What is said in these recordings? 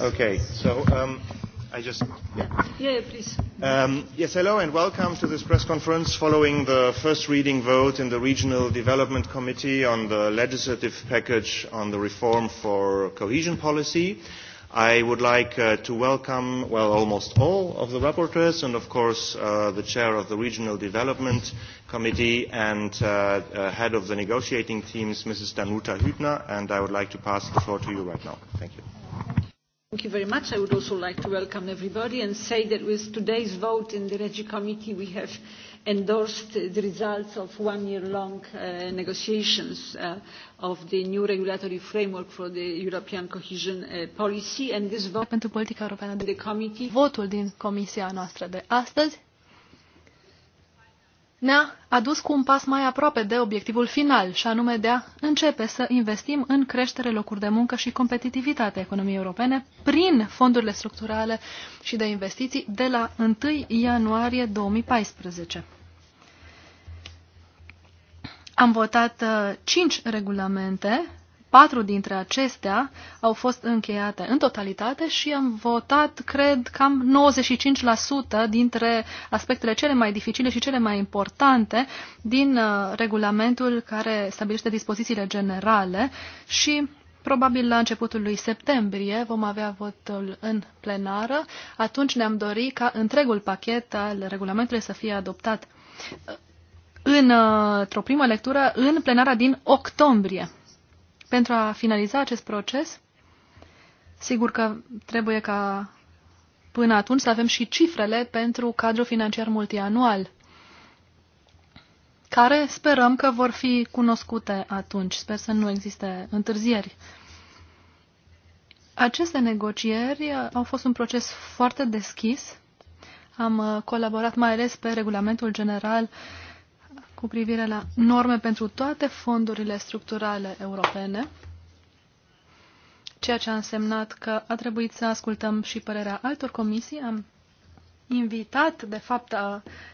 Okay, so um, I just. Yeah. yeah, please. Um, yes, hello and welcome to this press conference following the first reading vote in the Regional Development Committee on the legislative package on the reform for cohesion policy. I would like uh, to welcome, well, almost all of the rapporteurs and, of course, uh, the chair of the Regional Development Committee and uh, uh, head of the negotiating teams, Mrs. Danuta Hübner, and I would like to pass the floor to you right now. Thank you. Thank you very much. I would also like to welcome everybody and say that with today's vote in the Regi Committee, we have endorsed the results of one-year-long uh, negotiations uh, of the new regulatory framework for the European cohesion uh, policy and this vote pentru politica europeană de the committee. Votul din comisia noastră de astăzi ne-a adus cu un pas mai aproape de obiectivul final, și anume de a începe să investim în creștere, locuri de muncă și competitivitatea economiei europene prin fondurile structurale și de investiții de la 1 ianuarie 2014. Am votat uh, cinci regulamente Patru dintre acestea au fost încheiate în totalitate și am votat, cred, cam 95% dintre aspectele cele mai dificile și cele mai importante din uh, regulamentul care stabilește dispozițiile generale și Probabil la începutul lui septembrie vom avea votul în plenară. Atunci ne-am dorit ca întregul pachet al regulamentului să fie adoptat uh, în, uh, într-o primă lectură în plenara din octombrie. Pentru a finaliza acest proces, sigur că trebuie ca până atunci să avem și cifrele pentru cadrul financiar multianual, care sperăm că vor fi cunoscute atunci. Sper să nu existe întârzieri. Aceste negocieri au fost un proces foarte deschis. Am uh, colaborat mai ales pe regulamentul general uh, cu privire la norme pentru toate fondurile structurale europene, ceea ce a însemnat că a trebuit să ascultăm și părerea altor comisii. Am invitat, de fapt,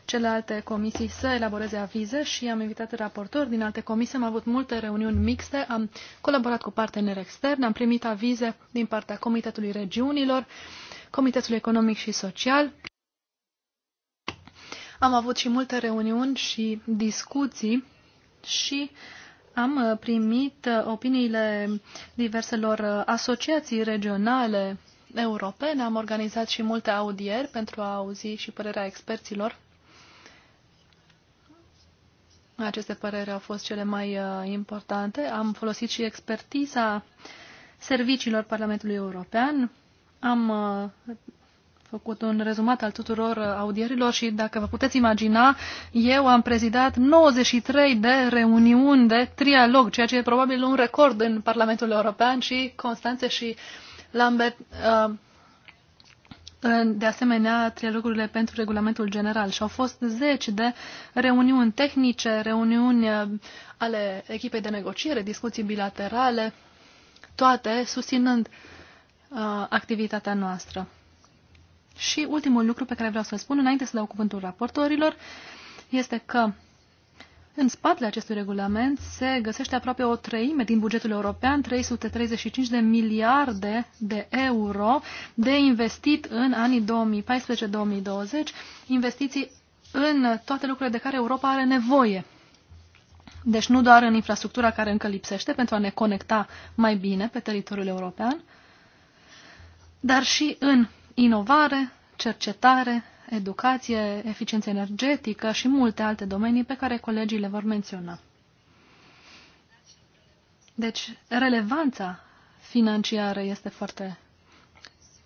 celelalte comisii să elaboreze avize și am invitat raportori din alte comisii. Am avut multe reuniuni mixte, am colaborat cu parteneri externi, am primit avize din partea Comitetului Regiunilor, Comitetului Economic și Social, am avut și multe reuniuni și discuții și am uh, primit uh, opiniile diverselor uh, asociații regionale europene. Am organizat și multe audieri pentru a auzi și părerea experților. Aceste păreri au fost cele mai importante. Am folosit și expertiza serviciilor Parlamentului European. Am făcut un rezumat al tuturor uh, audierilor și dacă vă puteți imagina, eu am prezidat 93 de reuniuni de trialog, ceea ce e probabil un record în Parlamentul European și Constanțe și Lambert uh, de asemenea trialogurile pentru regulamentul general și au fost zeci de reuniuni tehnice, reuniuni uh, ale echipei de negociere, discuții bilaterale, toate susținând uh, activitatea noastră. Și ultimul lucru pe care vreau să-l spun înainte să dau cuvântul raportorilor este că în spatele acestui regulament se găsește aproape o treime din bugetul european, 335 de miliarde de euro de investit în anii 2014-2020, investiții în toate lucrurile de care Europa are nevoie. Deci nu doar în infrastructura care încă lipsește pentru a ne conecta mai bine pe teritoriul european, dar și în inovare, cercetare, educație, eficiență energetică și multe alte domenii pe care colegii le vor menționa. Deci, relevanța financiară este foarte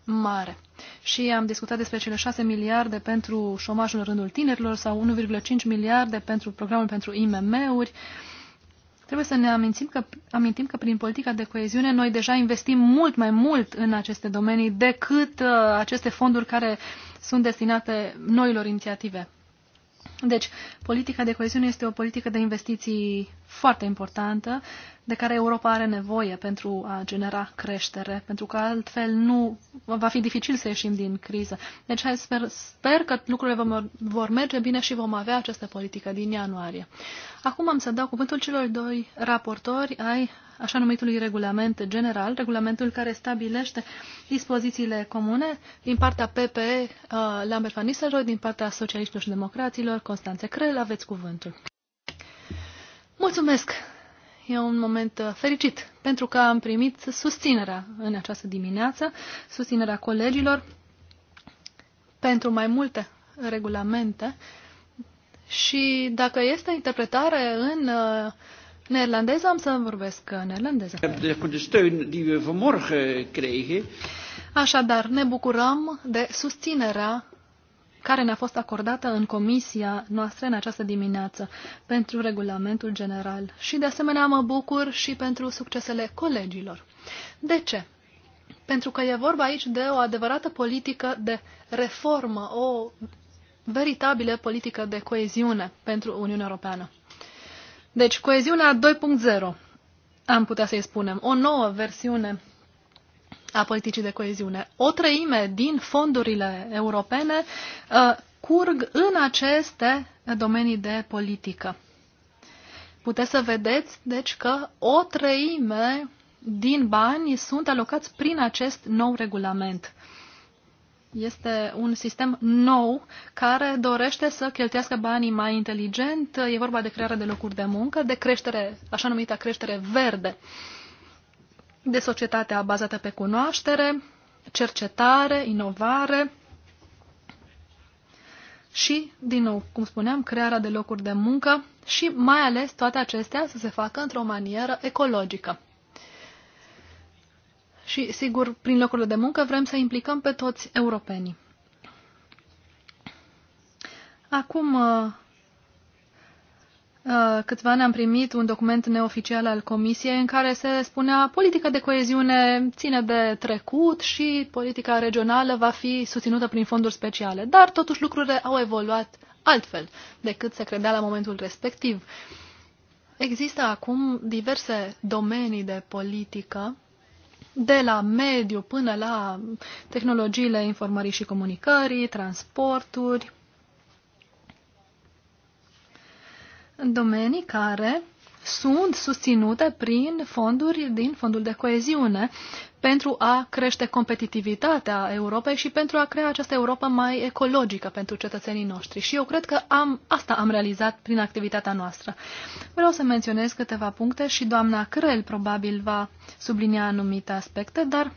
mare. Și am discutat despre cele 6 miliarde pentru șomajul în rândul tinerilor sau 1,5 miliarde pentru programul pentru IMM-uri. Uh, Trebuie să ne amintim că, amintim că prin politica de coeziune noi deja investim mult mai mult în aceste domenii decât uh, aceste fonduri care sunt destinate noilor inițiative. Deci, politica de coeziune este o politică de investiții foarte importantă de care Europa are nevoie pentru a genera creștere, pentru că altfel nu va fi dificil să ieșim din criză. Deci hai sper, sper că lucrurile vor merge bine și vom avea această politică din ianuarie. Acum am să dau cuvântul celor doi raportori ai așa numitului regulament general, regulamentul care stabilește dispozițiile comune din partea PPE, uh, Lambert Van Nistelrooy, din partea Socialiștilor și Democraților, Constanțe Crel, aveți cuvântul. Mulțumesc, E un moment uh, fericit, pentru că am primit susținerea în această dimineață, susținerea colegilor pentru mai multe regulamente și dacă este interpretare în uh, neerlandeză, am să vorbesc neerlandeză. De Așadar, ne bucurăm de susținerea care ne-a fost acordată în comisia noastră în această dimineață pentru regulamentul general. Și de asemenea mă bucur și pentru succesele colegilor. De ce? Pentru că e vorba aici de o adevărată politică de reformă, o veritabilă politică de coeziune pentru Uniunea Europeană. Deci, coeziunea 2.0, am putea să-i spunem, o nouă versiune a politicii de coeziune. O treime din fondurile europene uh, curg în aceste domenii de politică. Puteți să vedeți, deci, că o treime din bani sunt alocați prin acest nou regulament. Este un sistem nou care dorește să cheltuiască banii mai inteligent. E vorba de crearea de locuri de muncă, de creștere, așa numită creștere verde. Uh, de societatea bazată pe cunoaștere, cercetare, inovare și, din nou, cum spuneam, crearea de locuri de muncă și, mai ales, toate acestea să se facă într-o manieră ecologică. Și, sigur, prin locurile de muncă vrem să implicăm pe toți europenii. Acum Uh, câțiva ani am primit un document neoficial al Comisiei în care se spunea politica de coeziune ține de trecut și politica regională va fi susținută prin fonduri speciale. Dar totuși lucrurile au evoluat altfel decât se credea la momentul respectiv. Există acum diverse domenii de politică, de la mediu până la tehnologiile informării și comunicării, transporturi, domenii care sunt susținute prin fonduri din fondul de coeziune pentru a crește competitivitatea Europei și pentru a crea această Europa mai ecologică pentru cetățenii noștri. Și eu cred că am, asta am realizat prin activitatea noastră. Vreau să menționez câteva puncte și doamna Crel probabil va sublinia anumite aspecte, dar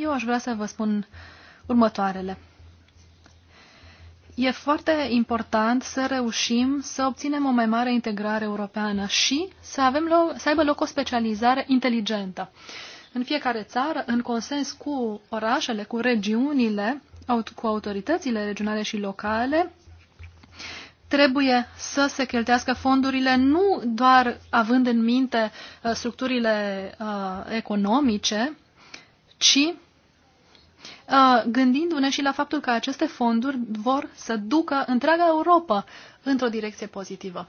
eu aș vrea să vă spun următoarele. E foarte important să reușim să obținem o mai mare integrare europeană și să, avem loc, să aibă loc o specializare inteligentă. În fiecare țară, în consens cu orașele, cu regiunile, cu autoritățile regionale și locale, trebuie să se cheltuiască fondurile nu doar având în minte uh, structurile uh, economice, ci Uh, gândindu-ne și la faptul că aceste fonduri vor să ducă întreaga Europa într-o direcție pozitivă.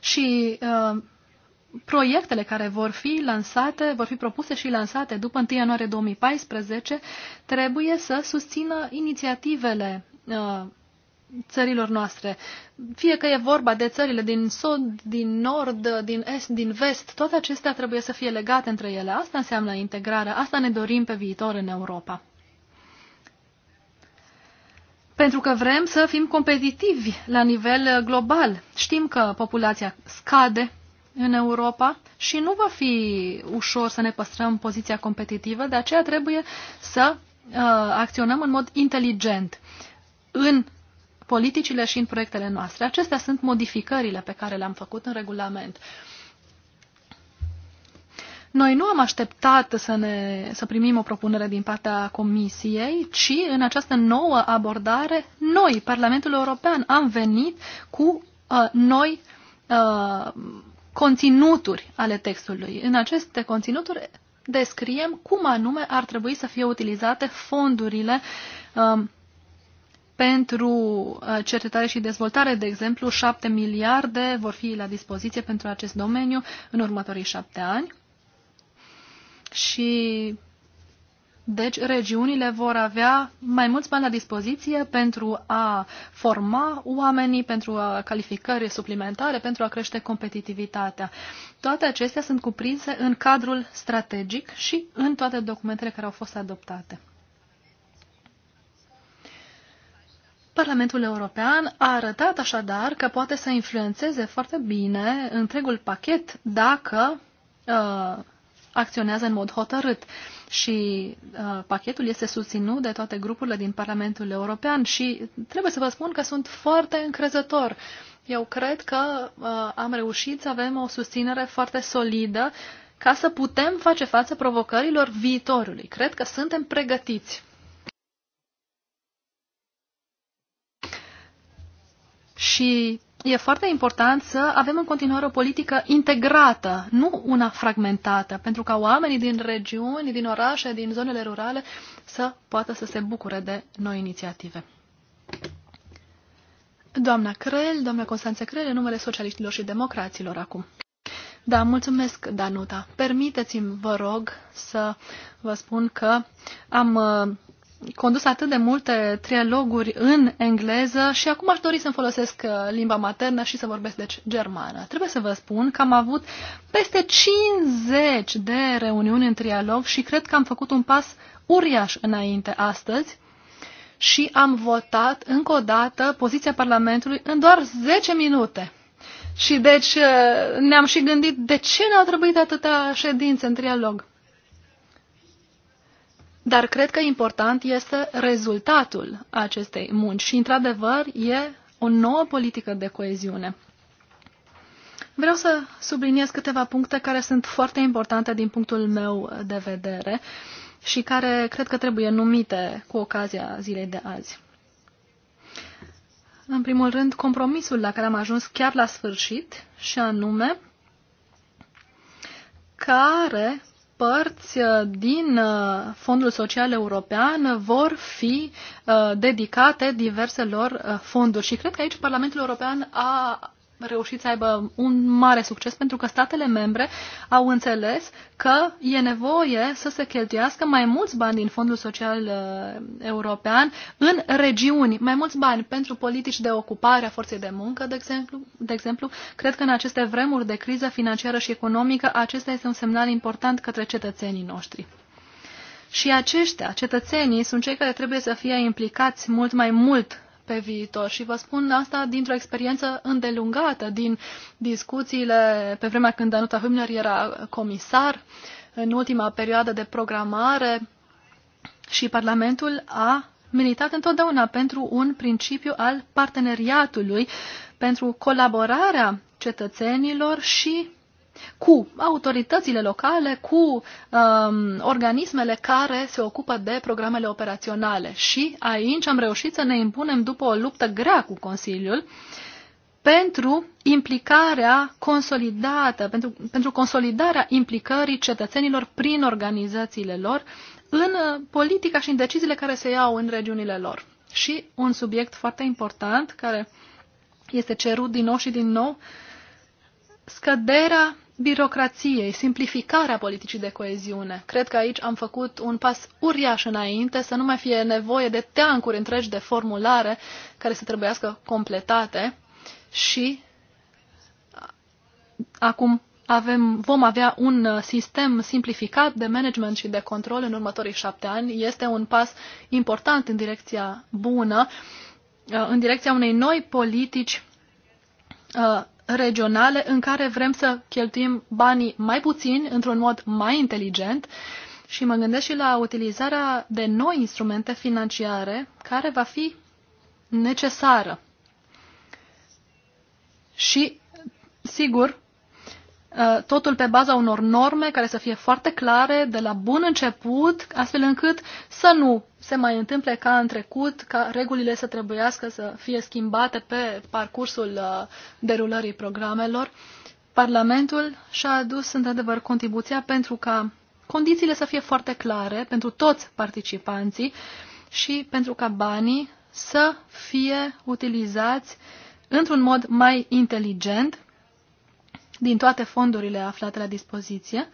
Și uh, proiectele care vor fi lansate, vor fi propuse și lansate după 1 ianuarie 2014, trebuie să susțină inițiativele uh, țărilor noastre. Fie că e vorba de țările din sud, din nord, din est, din vest, toate acestea trebuie să fie legate între ele. Asta înseamnă integrarea, asta ne dorim pe viitor în Europa. Pentru că vrem să fim competitivi la nivel global. Știm că populația scade în Europa și nu va fi ușor să ne păstrăm poziția competitivă, de aceea trebuie să uh, acționăm în mod inteligent. În politicile și în proiectele noastre. Acestea sunt modificările pe care le-am făcut în regulament. Noi nu am așteptat să, ne, să primim o propunere din partea Comisiei, ci în această nouă abordare, noi, Parlamentul European, am venit cu uh, noi uh, conținuturi ale textului. În aceste conținuturi descriem cum anume ar trebui să fie utilizate fondurile uh, pentru uh, cercetare și dezvoltare, de exemplu, 7 miliarde vor fi la dispoziție pentru acest domeniu în următorii șapte ani. Și deci regiunile vor avea mai mulți bani la dispoziție pentru a forma oamenii, pentru a uh, calificări suplimentare, pentru a crește competitivitatea. Toate acestea sunt cuprinse în cadrul strategic și în toate documentele care au fost adoptate. Parlamentul European a arătat așadar că poate să influențeze foarte bine întregul pachet dacă uh, acționează în mod hotărât. Și uh, pachetul este susținut de toate grupurile din Parlamentul European și trebuie să vă spun că sunt foarte încrezător. Eu cred că uh, am reușit să avem o susținere foarte solidă ca să putem face față provocărilor viitorului. Cred că suntem pregătiți. Și e foarte important să avem în continuare o politică integrată, nu una fragmentată, pentru ca oamenii din regiuni, din orașe, din zonele rurale să poată să se bucure de noi inițiative. Doamna Crel, doamna Constanță Crel, în numele socialiștilor și democraților acum. Da, mulțumesc, Danuta. Permiteți-mi, vă rog, să vă spun că am uh, condus atât de multe trialoguri în engleză și acum aș dori să-mi folosesc uh, limba maternă și să vorbesc, deci, germană. Trebuie să vă spun că am avut peste 50 de reuniuni în trialog și cred că am făcut un pas uriaș înainte astăzi și am votat încă o dată poziția Parlamentului în doar 10 minute. Și deci uh, ne-am și gândit de ce ne-au trebuit atâtea ședințe în trialog. Dar cred că important este rezultatul acestei munci și, într-adevăr, e o nouă politică de coeziune. Vreau să subliniez câteva puncte care sunt foarte importante din punctul meu de vedere și care cred că trebuie numite cu ocazia zilei de azi. În primul rând, compromisul la care am ajuns chiar la sfârșit, și anume care părți uh, din uh, Fondul Social European vor fi uh, dedicate diverselor fonduri. Și cred că aici Parlamentul European a reușit să aibă un mare succes pentru că statele membre au înțeles că e nevoie să se cheltuiască mai mulți bani din Fondul Social uh, European în regiuni, mai mulți bani pentru politici de ocupare a forței de muncă, de exemplu. De exemplu. Cred că în aceste vremuri de criză financiară și economică acesta este un semnal important către cetățenii noștri. Și aceștia, cetățenii, sunt cei care trebuie să fie implicați mult mai mult pe viitor. Și vă spun asta dintr-o experiență îndelungată, din discuțiile pe vremea când Danuta Hübner era comisar, în ultima perioadă de programare și Parlamentul a militat întotdeauna pentru un principiu al parteneriatului, pentru colaborarea cetățenilor și cu autoritățile locale, cu um, organismele care se ocupă de programele operaționale. Și aici am reușit să ne impunem după o luptă grea cu Consiliul pentru implicarea consolidată, pentru, pentru consolidarea implicării cetățenilor prin organizațiile lor în politica și în deciziile care se iau în regiunile lor. Și un subiect foarte important care este cerut din nou și din nou, scăderea birocrației, simplificarea politicii de coeziune. Cred că aici am făcut un pas uriaș înainte, să nu mai fie nevoie de teancuri întregi de formulare care să trebuiască completate și acum avem, vom avea un sistem simplificat de management și de control în următorii șapte ani. Este un pas important în direcția bună, în direcția unei noi politici uh, regionale în care vrem să cheltuim banii mai puțin, într-un mod mai inteligent și mă gândesc și la utilizarea de noi instrumente financiare care va fi necesară. Și, sigur, Uh, totul pe baza unor norme care să fie foarte clare de la bun început, astfel încât să nu se mai întâmple ca în trecut, ca regulile să trebuiască să fie schimbate pe parcursul uh, derulării programelor. Parlamentul și-a adus într-adevăr contribuția pentru ca condițiile să fie foarte clare pentru toți participanții și pentru ca banii să fie utilizați într-un mod mai inteligent din toate fondurile aflate la dispoziție,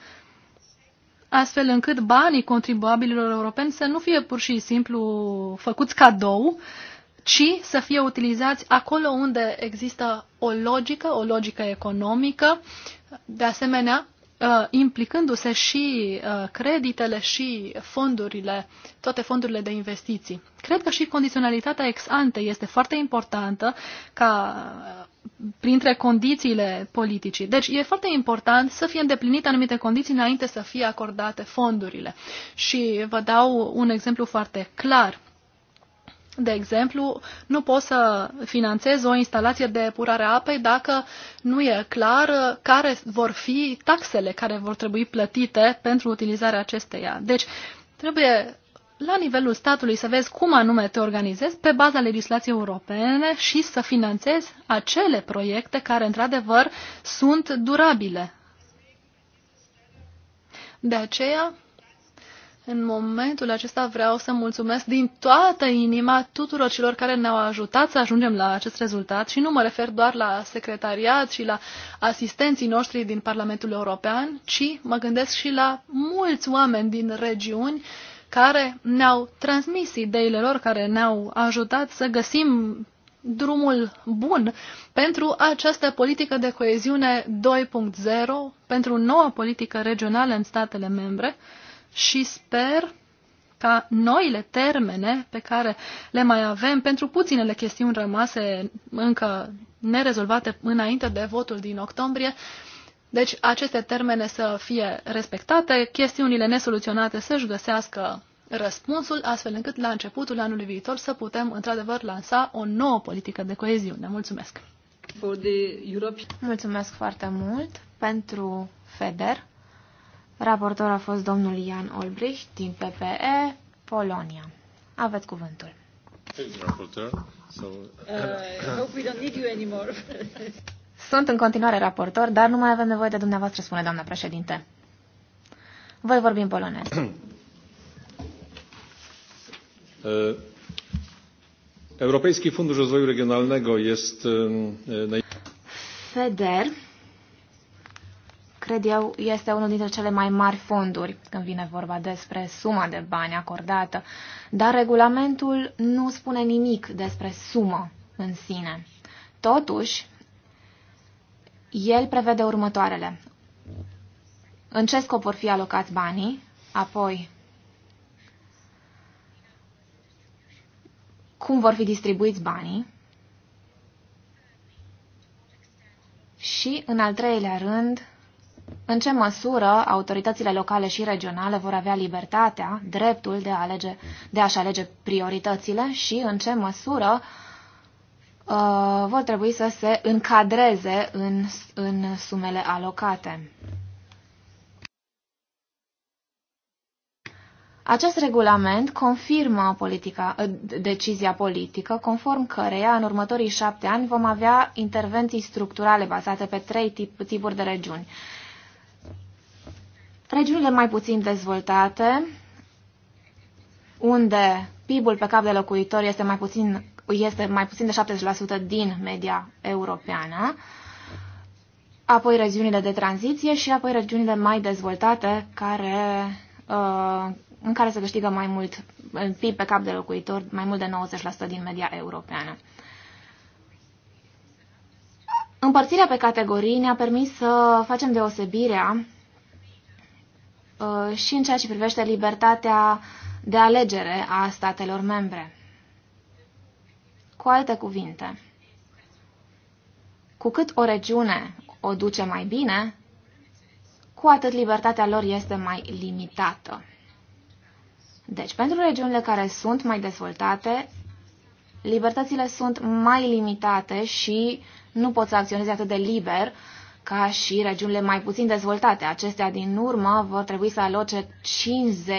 astfel încât banii contribuabililor europeni să nu fie pur și simplu făcuți cadou, ci să fie utilizați acolo unde există o logică, o logică economică, de asemenea, uh, implicându-se și uh, creditele și fondurile, toate fondurile de investiții. Cred că și condiționalitatea ex ante este foarte importantă ca printre condițiile politicii. Deci e foarte important să fie îndeplinite anumite condiții înainte să fie acordate fondurile. Și vă dau un exemplu foarte clar. De exemplu, nu poți să finanțezi o instalație de epurare a apei dacă nu e clar care vor fi taxele care vor trebui plătite pentru utilizarea acesteia. Deci, trebuie la nivelul statului să vezi cum anume te organizezi pe baza legislației europene și să finanțezi acele proiecte care, într-adevăr, sunt durabile. De aceea, în momentul acesta vreau să mulțumesc din toată inima tuturor celor care ne-au ajutat să ajungem la acest rezultat și nu mă refer doar la secretariat și la asistenții noștri din Parlamentul European, ci mă gândesc și la mulți oameni din regiuni uh, care ne-au transmis ideile lor, care ne-au ajutat să găsim drumul bun pentru această politică de coeziune 2.0, pentru noua politică regională în statele membre și sper ca noile termene pe care le mai avem pentru puținele chestiuni rămase încă nerezolvate înainte de votul din octombrie, deci aceste termene să fie respectate, chestiunile nesoluționate să-și găsească răspunsul, astfel încât la începutul anului viitor să putem într-adevăr lansa o nouă politică de coeziune. Mulțumesc! For the Europe. Mulțumesc foarte mult pentru FEDER. Raportor a fost domnul Ian Olbrich din PPE, Polonia. Aveți cuvântul. Thank you, raportor. So... Uh, hope we don't need you anymore. Sunt în continuare raportor, dar nu mai avem nevoie de dumneavoastră, spune doamna președinte. Voi vorbi în polonez. Europejski Fundusz Rozwoju Regionalnego jest FEDER cred eu, este unul dintre cele mai mari fonduri când vine vorba despre suma de bani acordată, dar regulamentul nu spune nimic despre sumă în sine. Totuși, el prevede următoarele. În ce scop vor fi alocați banii? Apoi, cum vor fi distribuiți banii? Și, în al treilea rând, în ce măsură autoritățile locale și regionale vor avea libertatea, dreptul de, a alege, de a alege prioritățile și în ce măsură uh, Uh, vor trebui să se încadreze în, în sumele alocate. Acest regulament confirmă politica, uh, decizia politică, conform căreia în următorii șapte ani vom avea intervenții structurale bazate pe trei tip, tipuri de regiuni. Regiunile mai puțin dezvoltate, unde PIB-ul pe cap de locuitor este mai puțin este mai puțin de 70% din media europeană, apoi regiunile de tranziție și apoi regiunile mai dezvoltate care, uh, în care se câștigă mai mult PIB pe cap de locuitor, mai mult de 90% din media europeană. Împărțirea pe categorii ne-a permis să facem deosebirea uh, și în ceea ce privește libertatea de alegere a statelor membre. Cu alte cuvinte, cu cât o regiune o duce mai bine, cu atât libertatea lor este mai limitată. Deci, pentru regiunile care sunt mai dezvoltate, libertățile sunt mai limitate și nu pot să acționeze atât de liber ca și regiunile mai puțin dezvoltate. Acestea, din urmă, vor trebui să aloce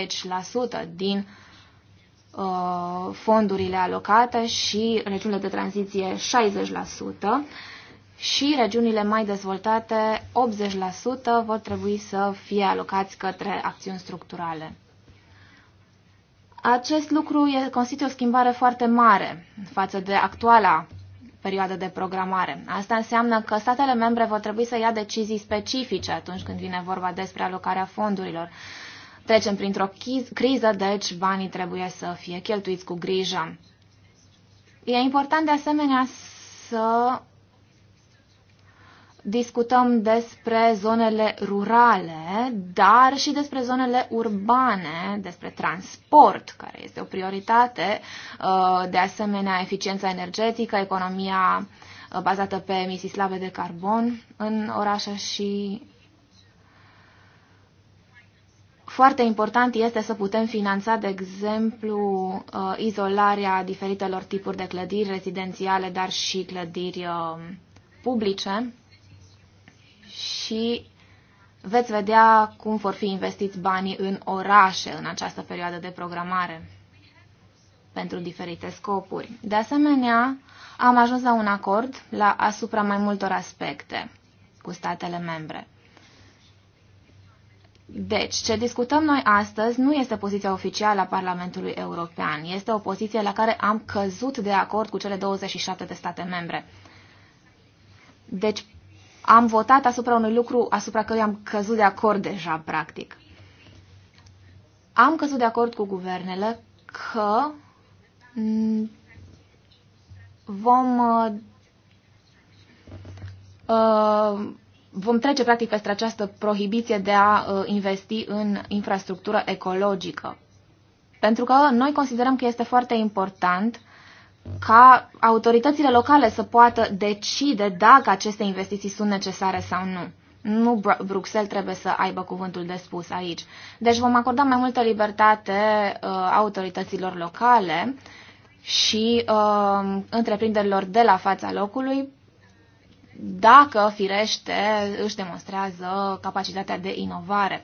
50% din Uh, fondurile alocate și regiunile de tranziție 60% și regiunile mai dezvoltate 80% vor trebui să fie alocați către acțiuni structurale. Acest lucru constituie o schimbare foarte mare față de actuala perioadă de programare. Asta înseamnă că statele membre vor trebui să ia decizii specifice atunci când vine vorba despre alocarea fondurilor trecem printr-o criză, deci banii trebuie să fie cheltuiți cu grijă. E important de asemenea să discutăm despre zonele rurale, dar și despre zonele urbane, despre transport, care este o prioritate, uh, de asemenea eficiența energetică, economia uh, bazată pe emisii slabe de carbon în orașe și foarte important este să putem finanța, de exemplu, uh, izolarea diferitelor tipuri de clădiri rezidențiale, dar și clădiri uh, publice și veți vedea cum vor fi investiți banii în orașe în această perioadă de programare pentru diferite scopuri. De asemenea, am ajuns la un acord la asupra mai multor aspecte cu statele membre. Deci, ce discutăm noi astăzi nu este poziția oficială a Parlamentului European. Este o poziție la care am căzut de acord cu cele 27 de state membre. Deci, am votat asupra unui lucru asupra căruia am căzut de acord deja, practic. Am căzut de acord cu guvernele că vom uh, uh vom trece practic peste această prohibiție de a uh, investi în infrastructură ecologică. Pentru că noi considerăm că este foarte important ca autoritățile locale să poată decide dacă aceste investiții sunt necesare sau nu. Nu Bruxelles trebuie să aibă cuvântul de spus aici. Deci vom acorda mai multă libertate uh, autorităților locale și uh, întreprinderilor de la fața locului dacă, firește, își demonstrează capacitatea de inovare.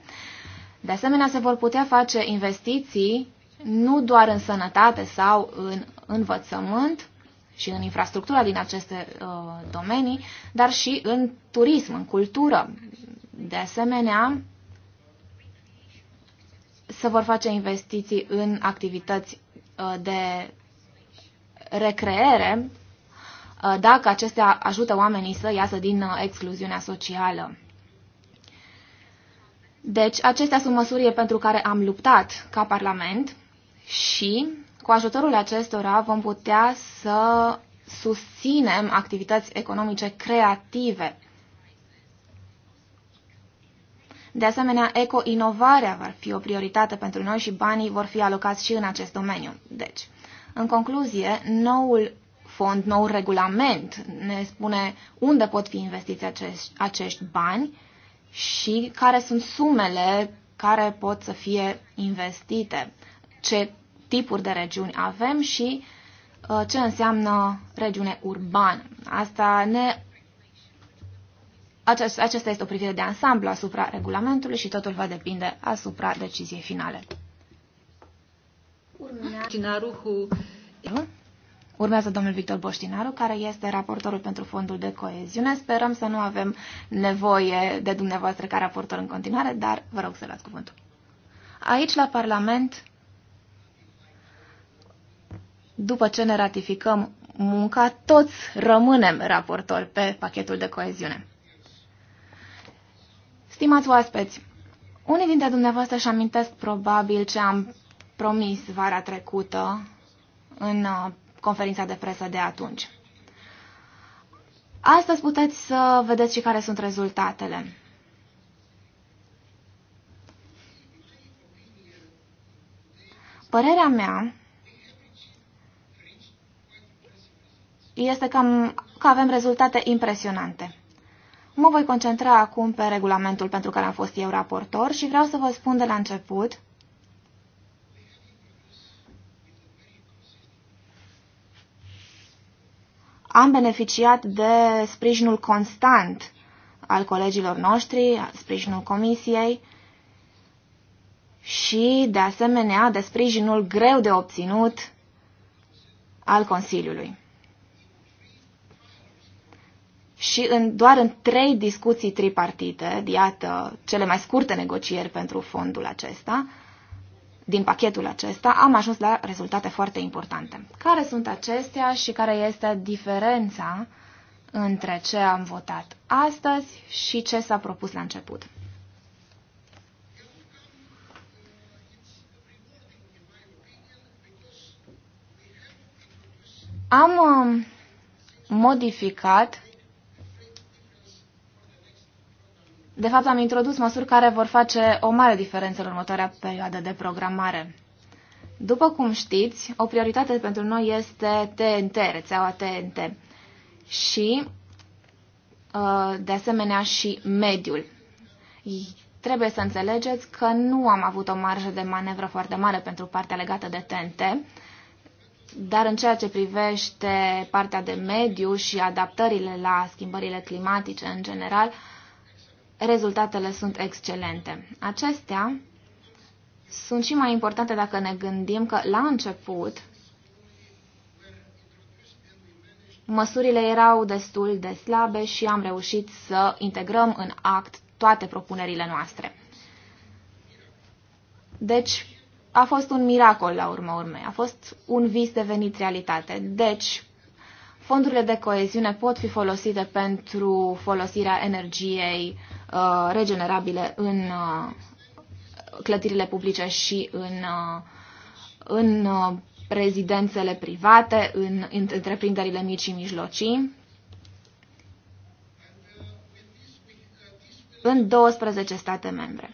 De asemenea, se vor putea face investiții nu doar în sănătate sau în învățământ și în infrastructura din aceste uh, domenii, dar și în turism, în cultură. De asemenea, se vor face investiții în activități uh, de recreere Uh, dacă acestea ajută oamenii să iasă din uh, excluziunea socială. Deci, acestea sunt măsurile pentru care am luptat ca Parlament și, cu ajutorul acestora, vom putea să susținem activități economice creative. De asemenea, eco-inovarea va fi o prioritate pentru noi și banii vor fi alocați și în acest domeniu. Deci, în concluzie, noul fond, nou regulament ne spune unde pot fi investiți acești, acești bani și care sunt sumele care pot să fie investite, ce tipuri de regiuni avem și uh, ce înseamnă regiune urbană. Asta ne aceasta este o privire de ansamblu asupra regulamentului și totul va depinde asupra deciziei finale. Urmează. Urmează domnul Victor Boștinaru, care este raportorul pentru Fondul de Coeziune. Sperăm să nu avem nevoie de dumneavoastră ca raportor în continuare, dar vă rog să luați cuvântul. Aici, la Parlament, după ce ne ratificăm munca, toți rămânem raportori pe pachetul de coeziune. Stimați oaspeți, unii dintre dumneavoastră își amintesc probabil ce am promis vara trecută în uh, conferința de presă de atunci. Astăzi puteți să vedeți și care sunt rezultatele. Părerea mea este că, am, că avem rezultate impresionante. Mă voi concentra acum pe regulamentul pentru care am fost eu raportor și vreau să vă spun de la început am beneficiat de sprijinul constant al colegilor noștri, sprijinul comisiei și, de asemenea, de sprijinul greu de obținut al Consiliului. Și în, doar în trei discuții tripartite, iată cele mai scurte negocieri pentru fondul acesta, din pachetul acesta, am ajuns la rezultate foarte importante. Care sunt acestea și care este diferența între ce am votat astăzi și ce s-a propus la început? Am um, modificat De fapt, am introdus măsuri care vor face o mare diferență în următoarea perioadă de programare. După cum știți, o prioritate pentru noi este TNT, rețeaua TNT și, uh, de asemenea, și mediul. Trebuie să înțelegeți că nu am avut o marjă de manevră foarte mare pentru partea legată de TNT, dar în ceea ce privește partea de mediu și adaptările la schimbările climatice în general, uh, rezultatele sunt excelente. Acestea sunt și mai importante dacă ne gândim că la început măsurile erau destul de slabe și am reușit să integrăm în act toate propunerile noastre. Deci, a fost un miracol la urmă urmei, a fost un vis devenit realitate. Deci, fondurile de coeziune pot fi folosite pentru folosirea energiei uh, Uh, regenerabile în uh, clădirile publice și în, uh, în rezidențele private, în, în întreprinderile mici și mijlocii. în 12 state membre.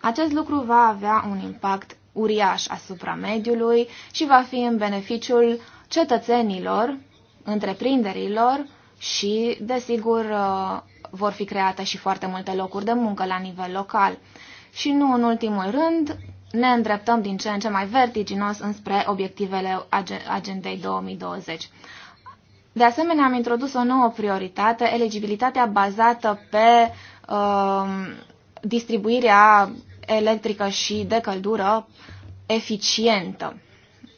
Acest lucru va avea un impact uriaș asupra mediului și va fi în beneficiul cetățenilor, întreprinderilor și, desigur, vor fi create și foarte multe locuri de muncă la nivel local. Și nu în ultimul rând, ne îndreptăm din ce în ce mai vertiginos înspre obiectivele Agendei 2020. De asemenea, am introdus o nouă prioritate, eligibilitatea bazată pe uh, distribuirea electrică și de căldură eficientă.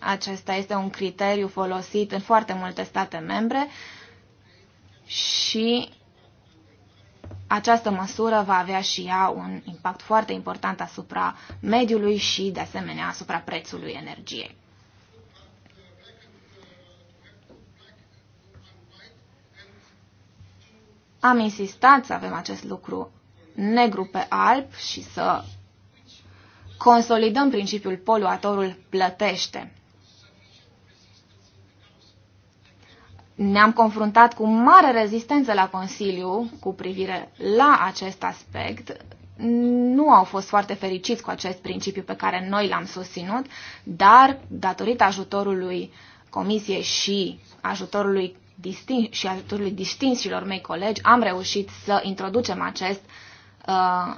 Acesta este un criteriu folosit în foarte multe state membre și această măsură va avea și ea un impact foarte important asupra mediului și, de asemenea, asupra prețului energiei. Am insistat să avem acest lucru negru pe alb și să consolidăm principiul poluatorul plătește. ne-am confruntat cu mare rezistență la Consiliu cu privire la acest aspect. Nu au fost foarte fericiți cu acest principiu pe care noi l-am susținut, dar datorită ajutorului Comisiei și ajutorului distin- și ajutorului distinșilor mei colegi, am reușit să introducem acest uh,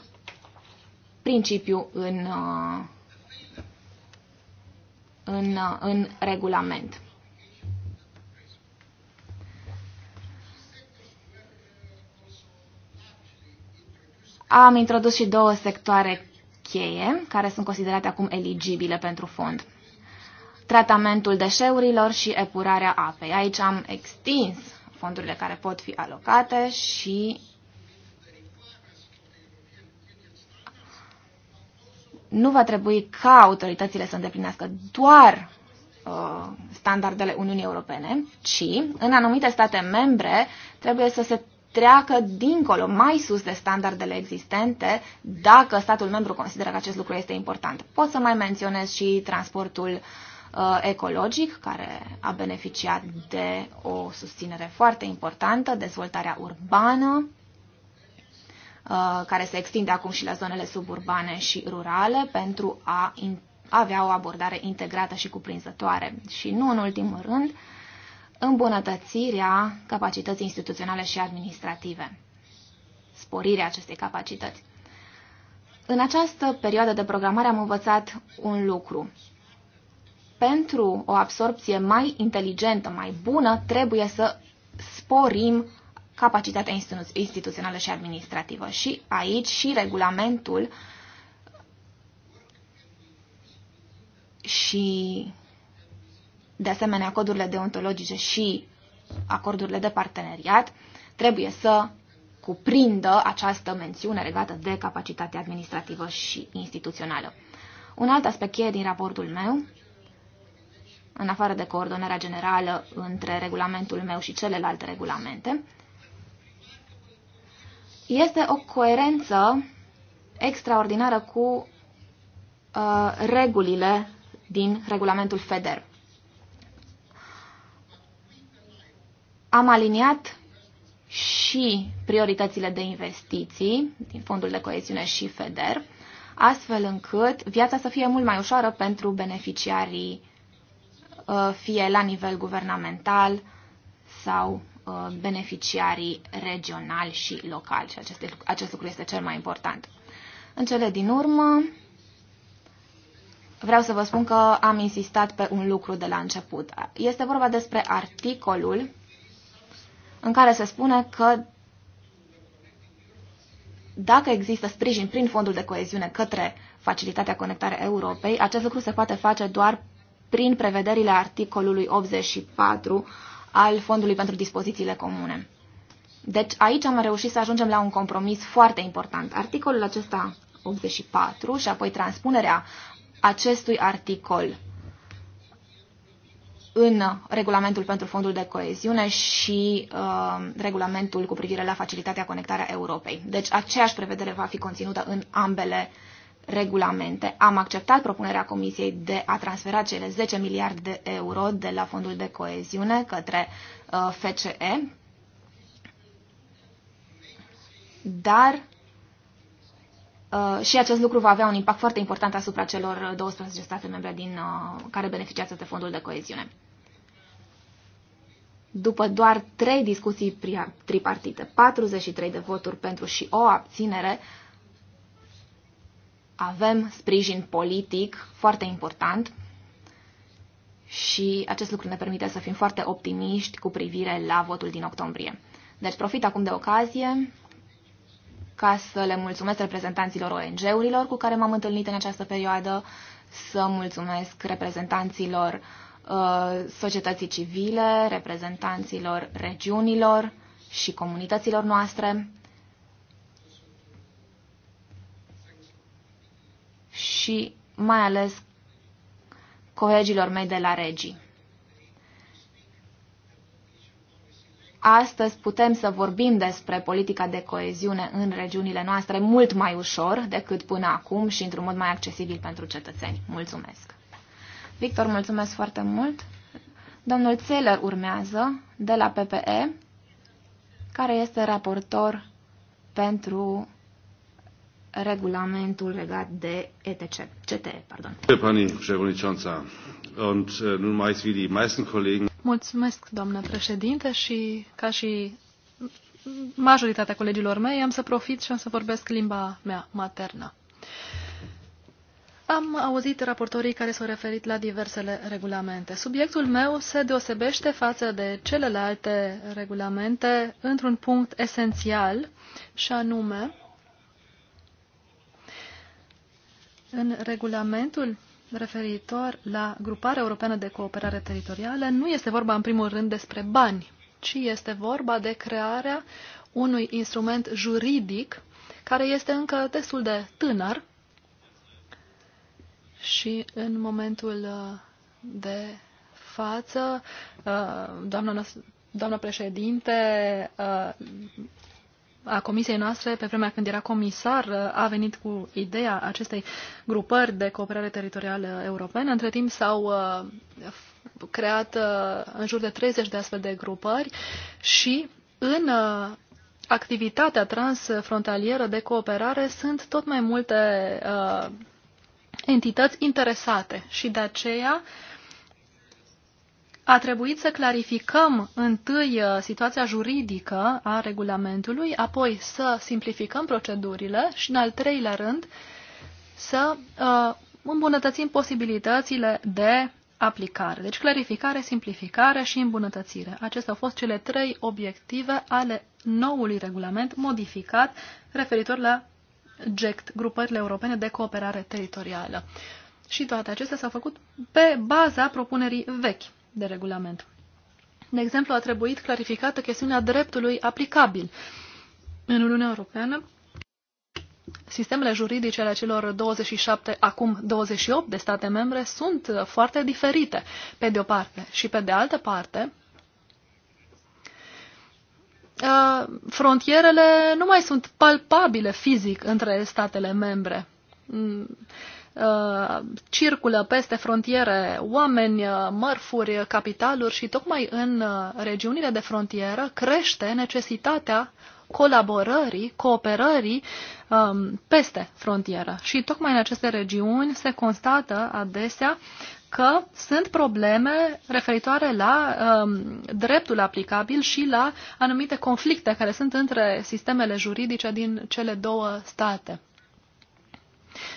principiu în, uh, în, uh, în regulament. Am introdus și două sectoare cheie, care sunt considerate acum eligibile pentru fond. Tratamentul deșeurilor și epurarea apei. Aici am extins fondurile care pot fi alocate și nu va trebui ca autoritățile să îndeplinească doar uh, standardele Uniunii Europene, ci în anumite state membre trebuie să se treacă dincolo, mai sus de standardele existente, dacă statul membru consideră că acest lucru este important. Pot să mai menționez și transportul uh, ecologic, care a beneficiat de o susținere foarte importantă, dezvoltarea urbană, uh, care se extinde acum și la zonele suburbane și rurale, pentru a avea o abordare integrată și cuprinzătoare. Și nu în ultimul rând, uh, îmbunătățirea capacității instituționale și administrative, sporirea acestei capacități. În această perioadă de programare am învățat un lucru. Pentru o absorpție mai inteligentă, mai bună, trebuie să sporim capacitatea instituțională și administrativă. Și aici și regulamentul și de asemenea codurile deontologice și acordurile de parteneriat, trebuie să cuprindă această mențiune legată de capacitatea administrativă și instituțională. Un alt aspect cheie din raportul meu, în afară de coordonarea generală între regulamentul meu și celelalte regulamente, este o coerență extraordinară cu uh, regulile din regulamentul FEDER. Am aliniat și prioritățile de investiții din Fondul de Coeziune și FEDER, astfel încât viața să fie mult mai ușoară pentru beneficiarii, uh, fie la nivel guvernamental sau uh, beneficiarii regionali și locali. Și acest, acest lucru este cel mai important. În cele din urmă, vreau să vă spun că am insistat pe un lucru de la început. Este vorba despre articolul în care se spune că dacă există sprijin prin fondul de coeziune către facilitatea conectare Europei, acest lucru se poate face doar prin prevederile articolului 84 al Fondului pentru Dispozițiile Comune. Deci aici am reușit să ajungem la un compromis foarte important. Articolul acesta 84 și apoi transpunerea acestui articol în regulamentul pentru fondul de coeziune și uh, regulamentul cu privire la facilitatea conectarea Europei. Deci aceeași prevedere va fi conținută în ambele regulamente. Am acceptat propunerea Comisiei de a transfera cele 10 miliarde de euro de la fondul de coeziune către uh, FCE, dar Uh, și acest lucru va avea un impact foarte important asupra celor 12 state membre din, uh, care beneficiază de fondul de coeziune. După doar trei discuții tripartite, 43 de voturi pentru și o abținere, avem sprijin politic foarte important și acest lucru ne permite să fim foarte optimiști cu privire la votul din octombrie. Deci profit acum de ocazie ca să le mulțumesc reprezentanților ONG-urilor cu care m-am întâlnit în această perioadă, să mulțumesc reprezentanților uh, societății civile, reprezentanților regiunilor și comunităților noastre. Și mai ales colegilor mei de la regii. Astăzi putem să vorbim despre politica de coeziune în regiunile noastre mult mai ușor decât până acum și într-un mod mai accesibil pentru cetățeni. Mulțumesc! Victor, mulțumesc foarte mult! Domnul Țeler urmează de la PPE, care este raportor pentru regulamentul legat de ETC, CTE. Pardon. Pani und nun mai wie die meisten Kollegen Mulțumesc, doamnă președinte, și ca și majoritatea colegilor mei, am să profit și am să vorbesc limba mea maternă. Am auzit raportorii care s-au referit la diversele regulamente. Subiectul meu se deosebește față de celelalte regulamente într-un punct esențial, și anume, în regulamentul referitor la Gruparea Europeană de Cooperare Teritorială, nu este vorba în primul rând despre bani, ci este vorba de crearea unui instrument juridic care este încă destul de tânăr și în momentul uh, de față, uh, doamna, doamna președinte, uh, a comisiei noastre, pe vremea când era comisar, a venit cu ideea acestei grupări de cooperare teritorială europeană. Între timp s-au uh, creat uh, în jur de 30 de astfel de grupări și în uh, activitatea transfrontalieră de cooperare sunt tot mai multe entități interesate și de aceea uh, a trebuit să clarificăm întâi uh, situația juridică a regulamentului, apoi să simplificăm procedurile și, în al treilea rând, să uh, îmbunătățim posibilitățile de aplicare. Deci clarificare, simplificare și îmbunătățire. Acestea au fost cele trei obiective ale noului regulament modificat referitor la GECT, Grupările Europene de Cooperare Teritorială. Și toate acestea s-au făcut pe baza propunerii vechi de regulament. De exemplu, a trebuit clarificată chestiunea dreptului aplicabil. În Uniunea Europeană, sistemele juridice ale celor 27, acum 28 de state membre, sunt foarte diferite, pe de o parte. Și pe de altă parte, frontierele nu mai sunt palpabile fizic între statele membre Uh, circulă peste frontiere oameni, uh, mărfuri, capitaluri și tocmai în uh, regiunile de frontieră crește necesitatea colaborării, cooperării um, peste frontieră. Și tocmai în aceste regiuni se constată adesea că sunt probleme referitoare la um, dreptul aplicabil și la anumite conflicte care sunt între sistemele juridice din cele două state.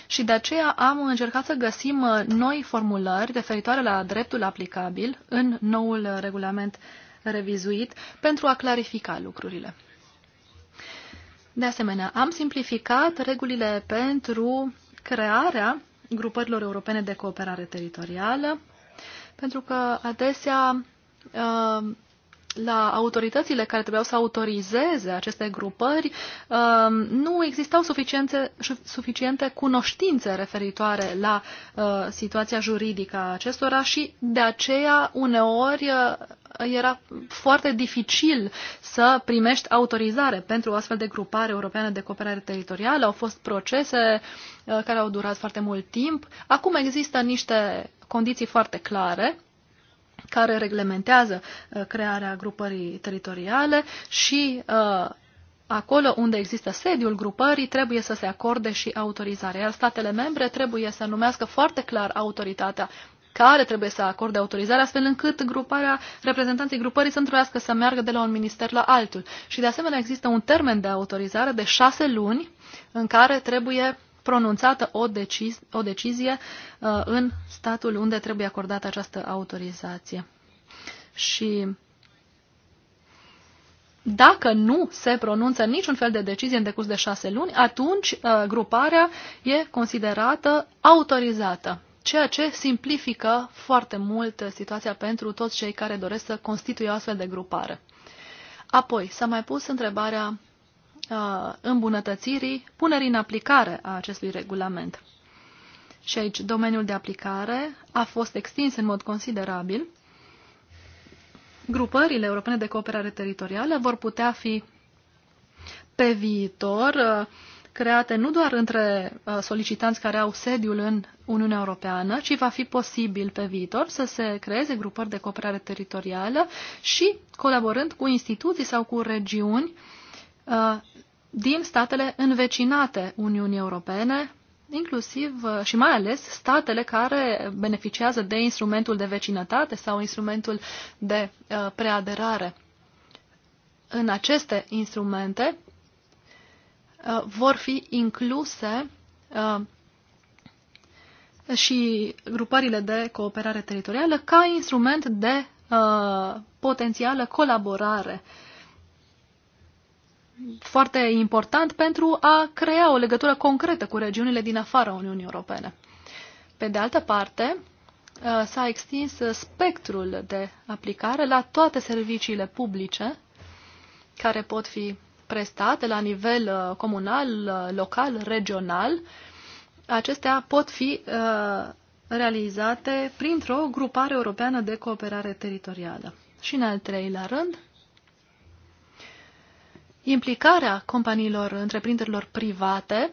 Și de aceea am încercat să găsim uh, noi formulări referitoare la dreptul aplicabil în noul uh, regulament revizuit pentru a clarifica lucrurile. De asemenea, am simplificat regulile pentru crearea grupărilor europene de cooperare teritorială, pentru că adesea uh, la autoritățile care trebuiau să autorizeze aceste grupări, um, nu existau suficiente, suficiente cunoștințe referitoare la uh, situația juridică a acestora și de aceea uneori uh, era foarte dificil să primești autorizare pentru o astfel de grupare europeană de cooperare teritorială. Au fost procese uh, care au durat foarte mult timp. Acum există niște condiții foarte clare care reglementează uh, crearea grupării teritoriale și uh, acolo unde există sediul grupării trebuie să se acorde și autorizare, iar statele membre trebuie să numească foarte clar autoritatea care trebuie să acorde autorizarea, astfel încât gruparea, reprezentanții grupării să întruiască să meargă de la un minister la altul. Și de asemenea există un termen de autorizare de șase luni în care trebuie pronunțată o, decizi, o decizie uh, în statul unde trebuie acordată această autorizație. Și dacă nu se pronunță niciun fel de decizie în decurs de șase luni, atunci uh, gruparea e considerată autorizată, ceea ce simplifică foarte mult situația pentru toți cei care doresc să constituie o astfel de grupare. Apoi, s-a mai pus întrebarea îmbunătățirii punerii în aplicare a acestui regulament. Și aici domeniul de aplicare a fost extins în mod considerabil. Grupările europene de cooperare teritorială vor putea fi pe viitor uh, create nu doar între uh, solicitanți care au sediul în Uniunea Europeană, ci va fi posibil pe viitor să se creeze grupări de cooperare teritorială și colaborând cu instituții sau cu regiuni uh, din statele învecinate Uniunii Europene, inclusiv uh, și mai ales statele care beneficiază de instrumentul de vecinătate sau instrumentul de uh, preaderare. În aceste instrumente uh, vor fi incluse și grupările de cooperare teritorială ca instrument de potențială colaborare uh, foarte important pentru a crea o legătură concretă cu regiunile din afara Uniunii Europene. Pe de altă parte, uh, s-a extins spectrul de aplicare la toate serviciile publice care pot fi prestate la nivel uh, comunal, uh, local, regional. Acestea pot fi realizate printr-o grupare europeană de cooperare teritorială. Și în al treilea rând, implicarea companiilor, întreprinderilor private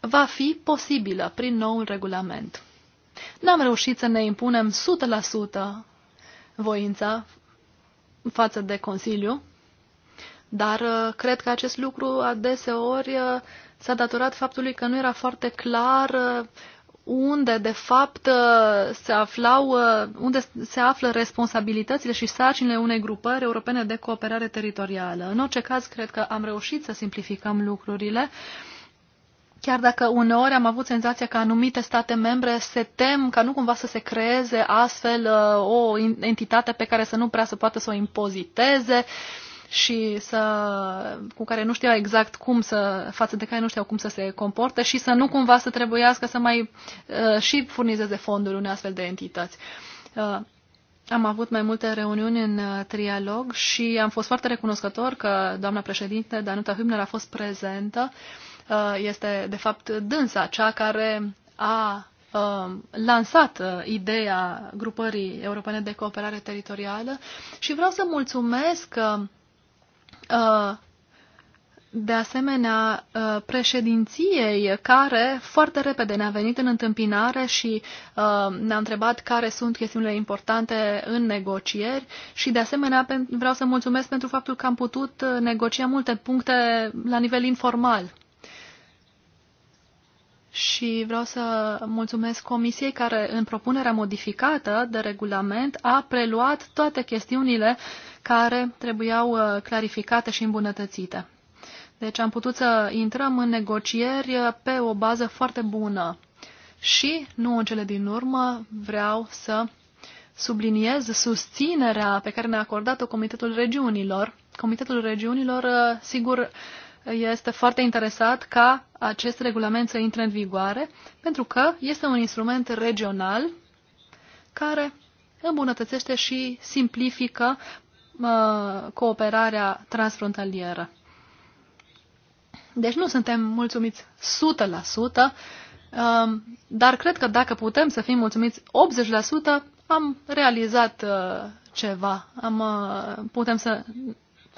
va fi posibilă prin noul regulament. N-am reușit să ne impunem 100% voința față de Consiliu, dar uh, cred că acest lucru adeseori uh, s-a datorat faptului că nu era foarte clar uh, unde de fapt uh, se aflau, uh, unde se află responsabilitățile și sarcinile unei grupări europene de cooperare teritorială. În orice caz, cred că am reușit să simplificăm lucrurile, chiar dacă uneori am avut senzația că anumite state membre se tem ca nu cumva să se creeze astfel uh, o entitate pe care să nu prea să poată să o impoziteze, uh, și să, cu care nu știau exact cum să, față de care nu știau cum să se comporte și să nu cumva să trebuiască să mai uh, și furnizeze fonduri unei astfel de entități. Uh, am avut mai multe reuniuni în uh, trialog și am fost foarte recunoscător că doamna președinte Danuta Hübner a fost prezentă. Uh, este, de fapt, dânsa, cea care a uh, lansat ideea grupării europene de cooperare teritorială și vreau să mulțumesc Uh, de asemenea uh, președinției care foarte repede ne-a venit în întâmpinare și uh, ne-a întrebat care sunt chestiunile importante în negocieri și de asemenea vreau să mulțumesc pentru faptul că am putut negocia multe puncte la nivel informal. Și vreau să mulțumesc Comisiei care, în propunerea modificată de regulament, a preluat toate chestiunile uh, care trebuiau uh, clarificate și îmbunătățite. Deci am putut să intrăm în negocieri uh, pe o bază foarte bună. Și, nu în cele din urmă, vreau să subliniez susținerea pe care ne-a acordat-o Comitetul Regiunilor. Comitetul Regiunilor, uh, sigur, este foarte interesat ca acest regulament să intre în vigoare, pentru că este un instrument regional care îmbunătățește și simplifică cooperarea transfrontalieră. Deci nu suntem mulțumiți 100%, um, dar cred că dacă putem să fim mulțumiți 80%, am realizat uh, ceva. Am, uh, putem să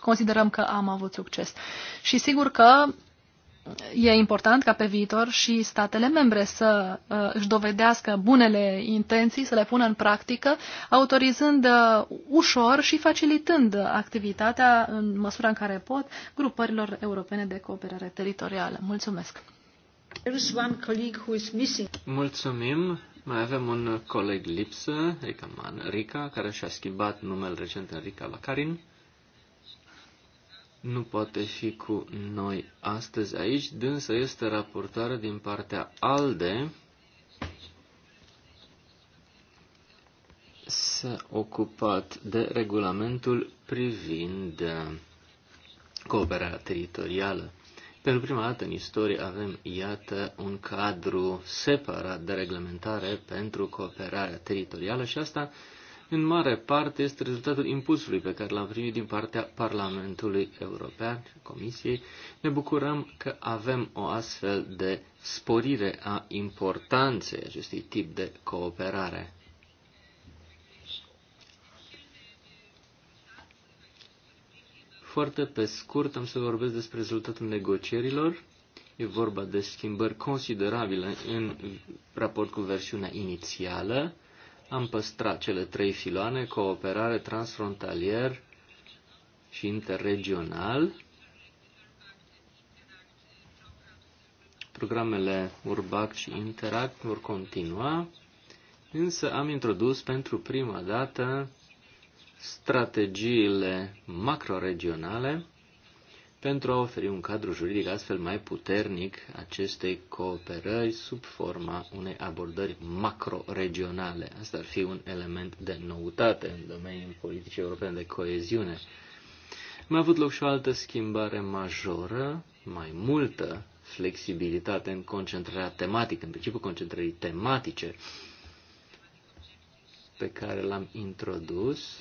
considerăm că am avut succes. Și sigur că e important ca pe viitor și statele membre să uh, își dovedească bunele intenții, să le pună în practică, autorizând uh, ușor și facilitând activitatea în măsura în care pot grupărilor europene de cooperare teritorială. Mulțumesc! Mulțumim! Mai avem un coleg lipsă, Rica Man, Rica, care și-a schimbat numele recent în Rica Lacarin nu poate fi cu noi astăzi aici, dânsă este raportare din partea ALDE s-a ocupat de regulamentul privind cooperarea teritorială. Pentru prima dată în istorie avem, iată, un cadru separat de reglementare pentru cooperarea teritorială și asta în mare parte este rezultatul impulsului pe care l-am primit din partea Parlamentului European și Comisiei. Ne bucurăm că avem o astfel de sporire a importanței acestui tip de cooperare. Foarte pe scurt am să vorbesc despre rezultatul negocierilor. E vorba de schimbări considerabile în raport cu versiunea inițială am păstrat cele trei filoane, cooperare transfrontalier și interregional, programele Urbac și Interact vor continua, însă am introdus pentru prima dată strategiile macroregionale pentru a oferi un cadru juridic astfel mai puternic acestei cooperări sub forma unei abordări macroregionale. Asta ar fi un element de noutate în domeniul politicii europene de coeziune. Mai a avut loc și o altă schimbare majoră, mai multă flexibilitate în concentrarea tematică, în principiul concentrării tematice pe care l-am introdus.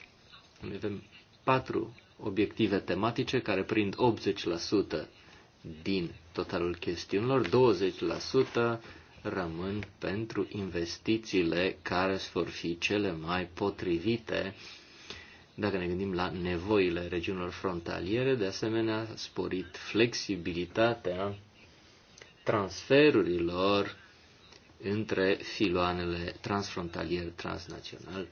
Noi avem patru obiective tematice care prind 80% din totalul chestiunilor, 20% rămân pentru investițiile care vor fi cele mai potrivite dacă ne gândim la nevoile regiunilor frontaliere, de asemenea sporit flexibilitatea transferurilor între filoanele transfrontalier transnațional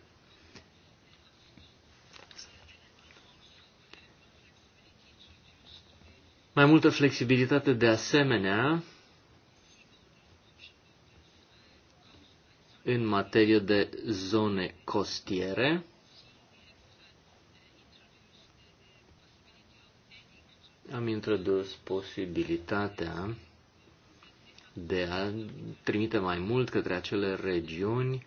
Mai multă flexibilitate de asemenea în materie de zone costiere. Am introdus posibilitatea de a trimite mai mult către acele regiuni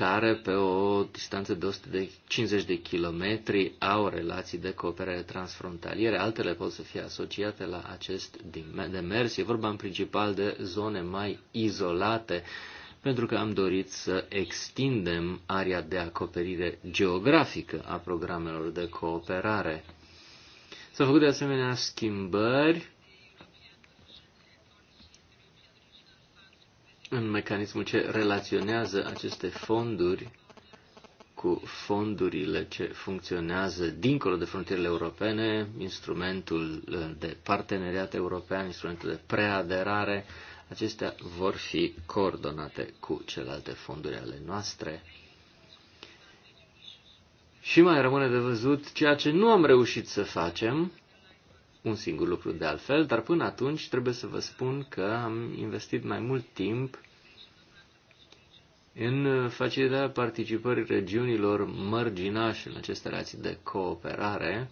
care pe o distanță de 150 de kilometri au relații de cooperare transfrontaliere, altele pot să fie asociate la acest demers. E vorba în principal de zone mai izolate, pentru că am dorit să extindem area de acoperire geografică a programelor de cooperare. S-au făcut de asemenea schimbări în mecanismul ce relaționează aceste fonduri cu fondurile ce funcționează dincolo de frontierele europene, instrumentul uh, de parteneriat european, instrumentul de preaderare, acestea vor fi coordonate cu celelalte fonduri ale noastre. Și mai rămâne de văzut ceea ce nu am reușit să facem, un singur lucru de altfel, dar până atunci trebuie să vă spun că am investit mai mult timp în facilitarea participării regiunilor mărginași în aceste relații de cooperare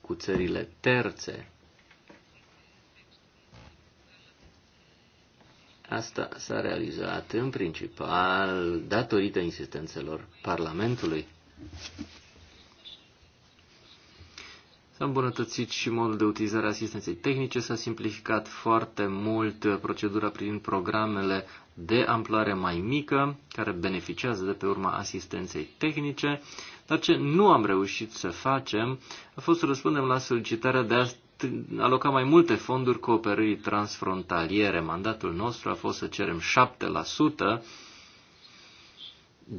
cu țările terțe. Asta s-a realizat în principal datorită insistențelor Parlamentului. S-a îmbunătățit și modul de utilizare a asistenței tehnice, s-a simplificat foarte mult procedura privind programele de amploare mai mică, care beneficiază de pe urma asistenței tehnice, dar ce nu am reușit să facem a fost să răspundem la solicitarea de a aloca mai multe fonduri cooperării transfrontaliere. Mandatul nostru a fost să cerem 7%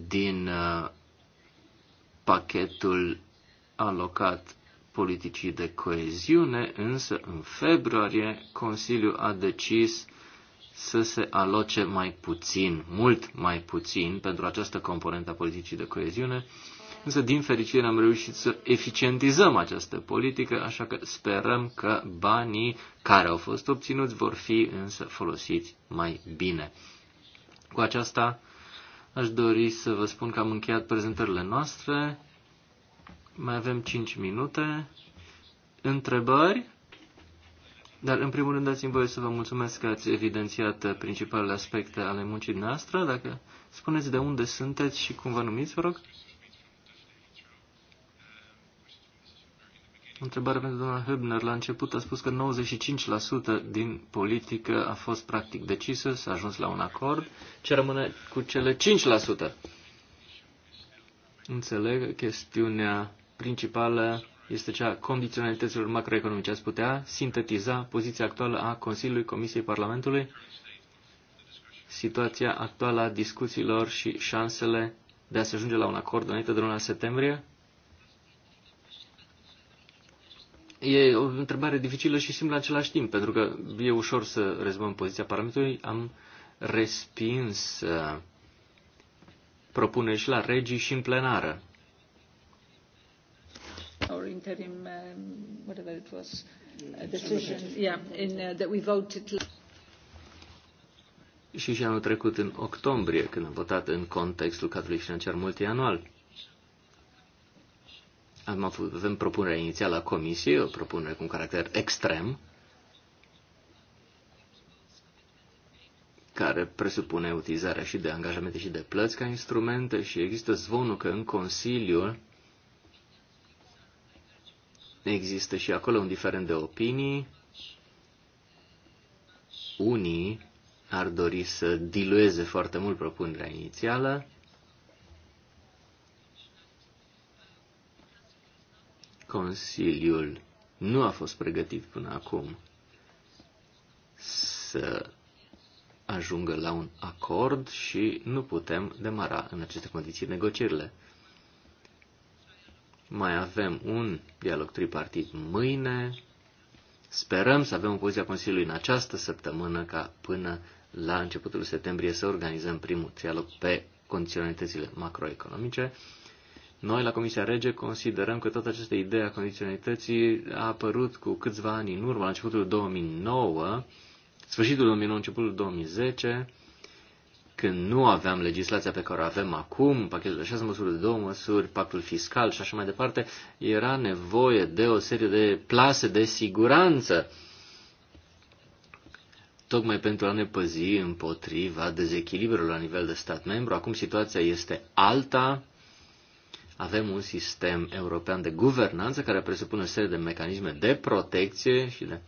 din uh, pachetul alocat politicii de coeziune, însă în februarie Consiliul a decis să se aloce mai puțin, mult mai puțin pentru această componentă a politicii de coeziune, însă din fericire am reușit să eficientizăm această politică, așa că sperăm că banii care au fost obținuți vor fi însă folosiți mai bine. Cu aceasta aș dori să vă spun că am încheiat prezentările noastre. Mai avem 5 minute. Întrebări? Dar, în primul rând, dați-mi voie să vă mulțumesc că ați evidențiat principalele aspecte ale muncii noastre. Dacă spuneți de unde sunteți și cum vă numiți, vă rog. Întrebare pentru doamna Hübner. La început a spus că 95% din politică a fost practic decisă, s-a ajuns la un acord. Ce rămâne cu cele 5%? Înțeleg chestiunea principală este cea a condiționalităților macroeconomice. Ați putea sintetiza poziția actuală a Consiliului, Comisiei, Parlamentului, situația actuală a discuțiilor și șansele de a se ajunge la un acord înainte de luna septembrie? E o întrebare dificilă și simplă în același timp, pentru că e ușor să rezumăm poziția Parlamentului. Am respins uh, propuneri și la regii și în plenară or interim, um, whatever it was, uh, decision, yeah, in, uh, that we voted. Și și anul trecut, în octombrie, când am votat în contextul cadrului financiar multianual, am avut, avem propunerea inițială a Comisiei, o propunere cu un caracter extrem, care presupune utilizarea și de angajamente și de plăți ca instrumente și există zvonul că în Consiliu Există și acolo un diferent de opinii. Unii ar dori să dilueze foarte mult propunerea inițială. Consiliul nu a fost pregătit până acum să ajungă la un acord și nu putem demara în aceste condiții negocierile. Mai avem un dialog tripartit mâine. Sperăm să avem o poziție a Consiliului în această săptămână ca până la începutul septembrie să organizăm primul dialog pe condiționalitățile macroeconomice. Noi, la Comisia Rege, considerăm că toată această idee a condiționalității a apărut cu câțiva ani în urmă, la începutul 2009, sfârșitul 2009, începutul 2010, când nu aveam legislația pe care o avem acum, pachetul de șase măsuri, de două măsuri, pactul fiscal și așa mai departe, era nevoie de o serie de plase de siguranță tocmai pentru a ne păzi împotriva dezechilibrului la nivel de stat membru. Acum situația este alta. Avem un sistem european de guvernanță care presupune o serie de mecanisme de protecție și de uh,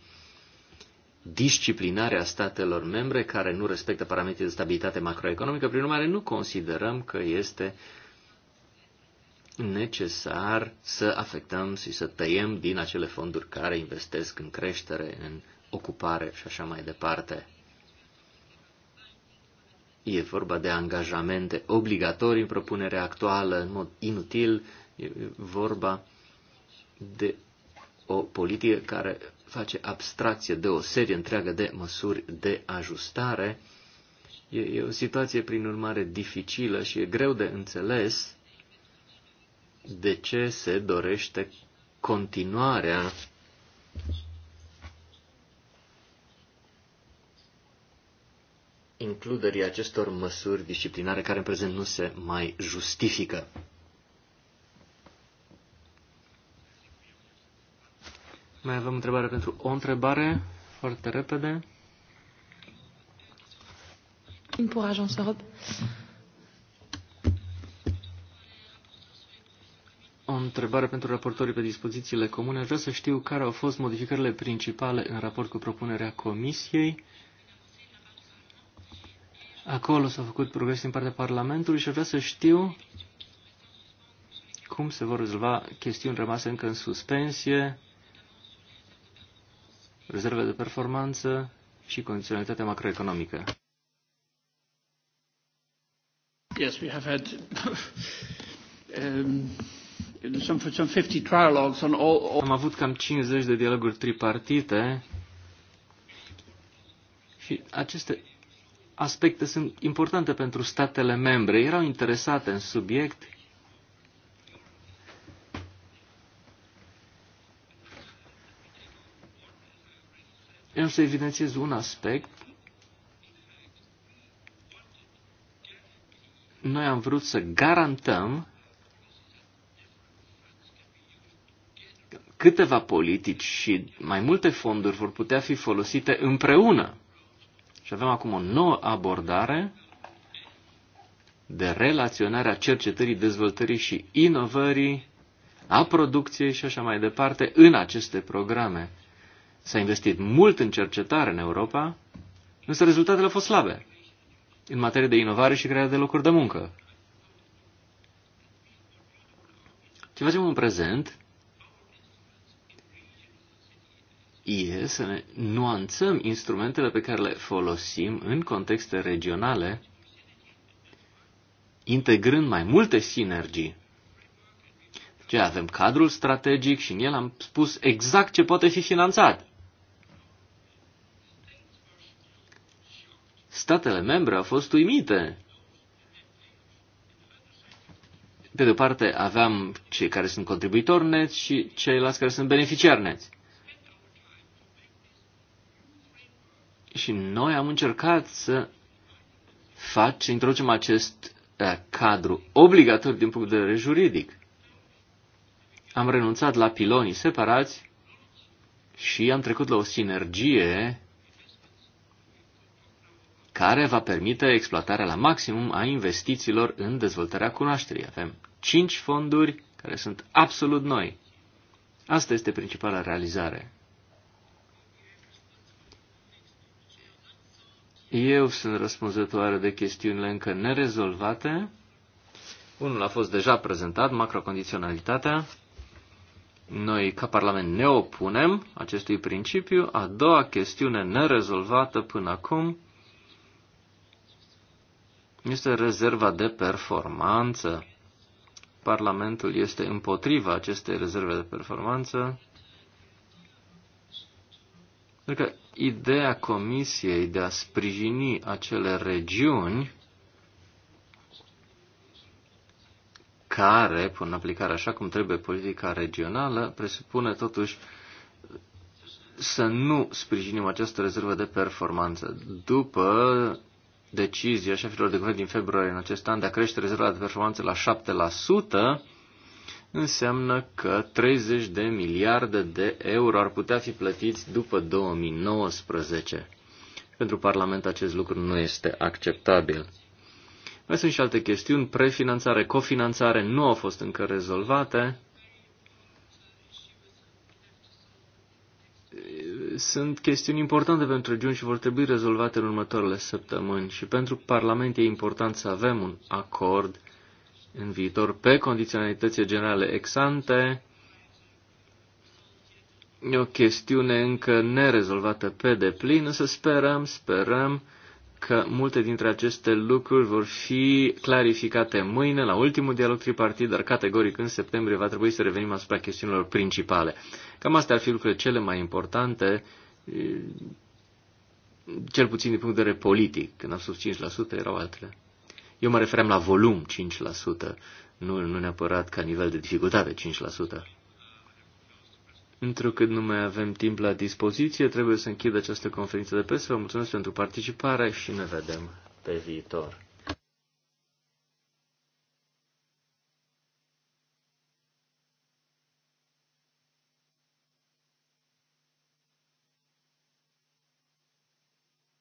disciplinare a statelor membre care nu respectă parametrii de stabilitate macroeconomică. Prin urmare, nu considerăm că este necesar să afectăm și să tăiem din acele fonduri care investesc în creștere, în ocupare și așa mai departe. E vorba de angajamente obligatorii în propunerea actuală, în mod inutil, e vorba de o politică care face abstracție de o serie întreagă de măsuri de ajustare. E, e o situație, prin urmare, dificilă și e greu de înțeles de ce se dorește continuarea includerii acestor măsuri disciplinare care în prezent nu se mai justifică. Mai avem întrebare pentru o întrebare, foarte repede. Pour Agence Europe. O întrebare pentru raportorii pe dispozițiile comune. Aș vrea să știu care au fost modificările principale în raport cu propunerea Comisiei. Acolo s-au făcut progres din partea Parlamentului și aș vrea să știu cum se vor rezolva chestiuni rămase încă în suspensie rezerve de performanță și condiționalitatea macroeconomică. Yes, we have had um, some, some 50 trialogues on all, all... Am avut cam 50 de dialoguri tripartite și aceste aspecte sunt importante pentru statele membre. Erau interesate în subiect Eu să evidențiez un aspect. Noi am vrut să garantăm câteva politici și mai multe fonduri vor putea fi folosite împreună. Și avem acum o nouă abordare de relaționarea cercetării, dezvoltării și inovării, a producției și așa mai departe în aceste programe. S-a investit mult în cercetare în Europa, însă rezultatele au fost slabe în materie de inovare și crearea de locuri de muncă. Ce facem în prezent e să ne nuanțăm instrumentele pe care le folosim în contexte regionale, integrând mai multe sinergii. Deci avem cadrul strategic și în el am spus exact ce poate fi finanțat. statele membre au fost uimite. Pe de o parte aveam cei care sunt contribuitori net și ceilalți care sunt beneficiari net. Și noi am încercat să fac, să introducem acest eh, cadru obligatoriu din punct de vedere juridic. Am renunțat la pilonii separați și am trecut la o sinergie care va permite exploatarea la maximum a investițiilor în dezvoltarea cunoașterii. Avem cinci fonduri care sunt absolut noi. Asta este principala realizare. Eu sunt răspunzătoare de chestiunile încă nerezolvate. Unul a fost deja prezentat, macrocondiționalitatea. Noi, ca Parlament, ne opunem acestui principiu. A doua chestiune nerezolvată până acum este rezerva de performanță. Parlamentul este împotriva acestei rezerve de performanță. Pentru că ideea Comisiei de a sprijini acele regiuni care pun în aplicare așa cum trebuie politica regională presupune totuși să nu sprijinim această rezervă de performanță. După decizia șefilor de guvern din februarie în acest an de a crește rezerva de performanță la 7%, înseamnă că 30 de miliarde de euro ar putea fi plătiți după 2019. Pentru Parlament acest lucru nu este acceptabil. Mai sunt și alte chestiuni, prefinanțare, cofinanțare nu au fost încă rezolvate. sunt chestiuni importante pentru regiuni și vor trebui rezolvate în următoarele săptămâni și pentru Parlament e important să avem un acord în viitor pe condiționalitățile generale exante. E o chestiune încă nerezolvată pe deplin, însă sperăm, sperăm că multe dintre aceste lucruri vor fi clarificate mâine la ultimul dialog tripartit, dar categoric în septembrie va trebui să revenim asupra chestiunilor principale. Cam astea ar fi lucrurile cele mai importante, eh, cel puțin din punct de vedere politic. Când am spus 5%, erau altele. Eu mă referam la volum 5%, nu, nu neapărat ca nivel de dificultate 5%. Întrucât nu mai avem timp la dispoziție, trebuie să închid această conferință de presă. Vă mulțumesc pentru participare și ne vedem pe viitor.